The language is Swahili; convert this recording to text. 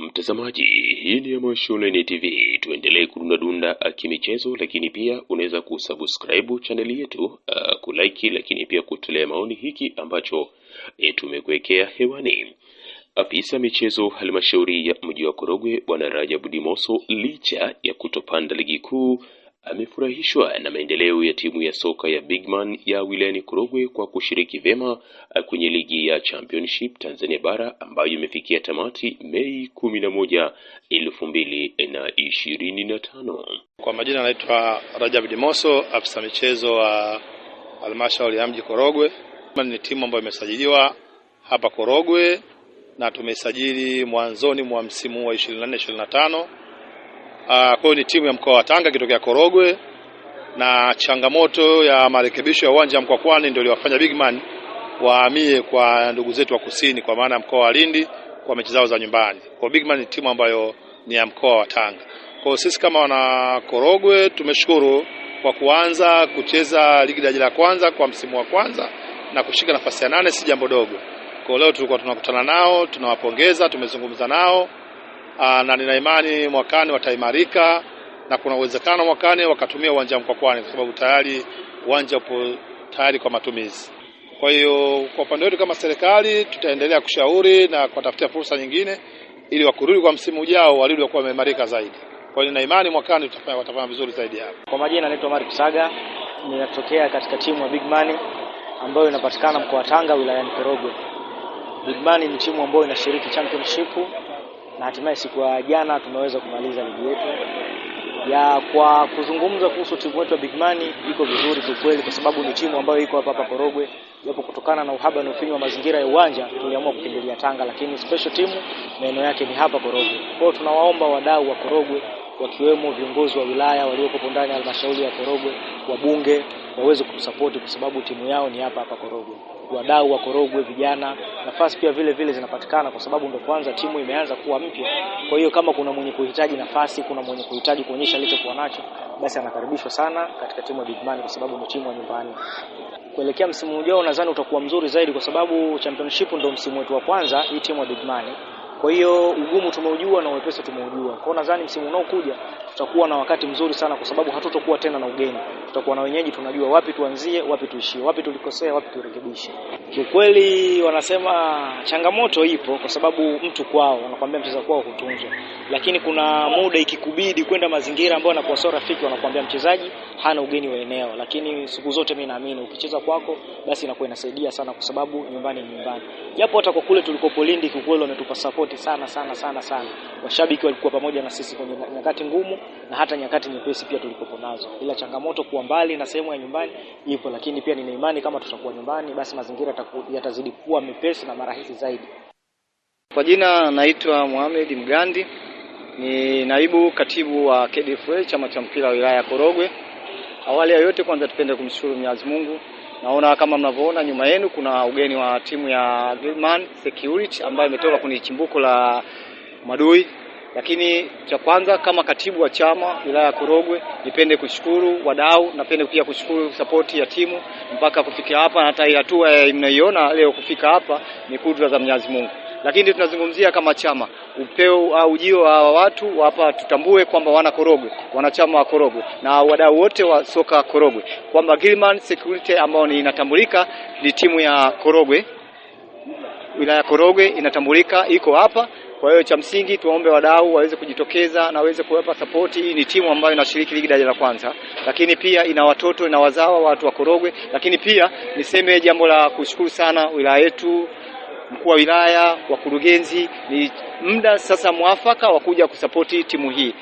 Mtazamaji, hii ni Amo Shuleni TV. Tuendelee kudundadunda ah, kimichezo, lakini pia unaweza kusubscribe chaneli yetu uh, kulike, lakini pia kutolea maoni hiki ambacho e, eh, tumekuwekea hewani. Afisa michezo halmashauri ya mji wa Korogwe Bwana Rajabu Dimoso, licha ya kutopanda ligi kuu amefurahishwa na maendeleo ya timu ya soka ya Bigman ya wilayani Korogwe kwa kushiriki vyema kwenye ligi ya Championship Tanzania bara ambayo imefikia tamati Mei kumi na moja elfu mbili na ishirini na tano. Kwa majina anaitwa Rajab Dimoso, afisa michezo wa halmashauri ya mji Korogwe. Ni timu ambayo imesajiliwa hapa Korogwe na tumesajili mwanzoni mwa msimu wa 24 25 Ah, kwa hiyo ni timu ya mkoa wa Tanga ikitokea Korogwe, na changamoto ya marekebisho ya uwanja wa Mkwakwani ndio iliwafanya Man wahamie kwa ndugu zetu wa kusini, kwa maana ya mkoa wa Lindi kwa mechi zao za nyumbani. Kwa Man ni timu ambayo ni ya mkoa wa Tanga. Kwa sisi kama wana Korogwe tumeshukuru kwa kuanza kucheza ligi daraja la kwanza kwa msimu wa kwanza na kushika nafasi ya nane, si jambo dogo. Kwa leo tulikuwa tunakutana nao, tunawapongeza, tumezungumza nao Ah, na nina imani mwakani wataimarika, na kuna uwezekano mwakani wakatumia uwanja Mkwakwani kwa sababu tayari uwanja upo tayari kwa matumizi. Kwa hiyo kwa upande wetu kama serikali tutaendelea kushauri na kuwatafutia fursa nyingine ili wakurudi kwa msimu ujao warudi wakuwa wameimarika zaidi. Kwa hiyo nina imani mwakani tutafanya watafanya vizuri zaidi hapo. Kwa majina naitwa Mark Saga, ninatokea katika timu ya Big Man ambayo inapatikana mkoa wa Tanga wilayani Korogwe. Big Man ni timu ambayo inashiriki championship na hatimaye siku ya jana tumeweza kumaliza ligi yetu ya kwa kuzungumza kuhusu timu yetu ya Bigmani iko vizuri kweli, kwa sababu ni timu ambayo iko hapa hapa Korogwe, japo kutokana na uhaba na ufinyu wa mazingira ya uwanja tuliamua kukimbilia Tanga, lakini special timu maeneo yake ni hapa Korogwe. Kwao tunawaomba wadau wa Korogwe wakiwemo viongozi wa wilaya waliokuwepo ndani ya halmashauri ya Korogwe, wabunge waweze kutusapoti kwa sababu timu yao ni hapa hapa Korogwe wadau wa Korogwe, vijana. Nafasi pia vile vile zinapatikana kwa sababu ndo kwanza timu imeanza kuwa mpya. Kwa hiyo kama kuna mwenye kuhitaji nafasi, kuna mwenye kuhitaji kuonyesha alichokuwa nacho, basi anakaribishwa sana katika timu ya Bigman kwa sababu ni timu ya nyumbani. Kuelekea msimu ujao, nadhani utakuwa mzuri zaidi kwa sababu championship ndo msimu wetu wa kwanza hii timu ya Bigman kwa hiyo ugumu tumeujua na uwepesi tumeujua. Kwa hiyo nadhani msimu unaokuja tutakuwa na wakati mzuri sana, kwa sababu hatutokuwa tena na ugeni, tutakuwa na wenyeji, tunajua wapi tuanzie, wapi tuishie, wapi tulikosea, wapi turekebishe. Kiukweli wanasema changamoto ipo, kwa sababu mtu kwao wanakuambia mcheza kwao kutunzwa, lakini kuna muda ikikubidi kwenda mazingira ambayo anakuwa sio rafiki, wanakuambia mchezaji hana ugeni wa eneo. Lakini siku zote mimi naamini ukicheza kwako, basi inakuwa inasaidia sana, kwa sababu nyumbani ni nyumbani, japo hata kwa kule tulikopo Lindi, kiukweli wametupa support wote sana sana sana sana. Washabiki walikuwa pamoja na sisi kwenye nyakati ngumu na hata nyakati nyepesi pia tulikopo nazo, ila changamoto kuwa mbali na sehemu ya nyumbani ipo, lakini pia nina imani kama tutakuwa nyumbani, basi mazingira yatazidi kuwa mepesi na marahisi zaidi. Kwa jina naitwa Mohamed Mgandi, ni naibu katibu wa KDFA chama cha mpira wa wilaya ya Korogwe. Awali ya yote, kwanza tupende kumshukuru Mwenyezi Mungu Naona kama mnavyoona nyuma yenu kuna ugeni wa timu ya Gilman Security ambayo imetoka kwenye chimbuko la Madui. Lakini cha kwanza kama katibu wa chama wilaya ya Korogwe, nipende kushukuru wadau, napende pia kushukuru sapoti ya timu mpaka kufikia hapa, na hata hatua eh, mnaiona leo kufika hapa ni kudra za Mwenyezi Mungu lakini tunazungumzia kama chama upeo au ujio wa watu hapa, tutambue kwamba wana Korogwe, wanachama wa Korogwe na wadau wote wa soka Korogwe, kwamba Gilman Security ambao inatambulika ni timu ya Korogwe, wilaya Korogwe inatambulika iko hapa. Kwa hiyo cha msingi tuombe wadau waweze kujitokeza na waweze kuwapa sapoti. Hii ni timu ambayo inashiriki ligi daraja la kwanza, lakini pia ina watoto na wazawa watu wa Korogwe, lakini pia niseme jambo la kushukuru sana wilaya yetu mkuu wa wilaya, wakurugenzi, ni muda sasa mwafaka wa kuja kusapoti timu hii.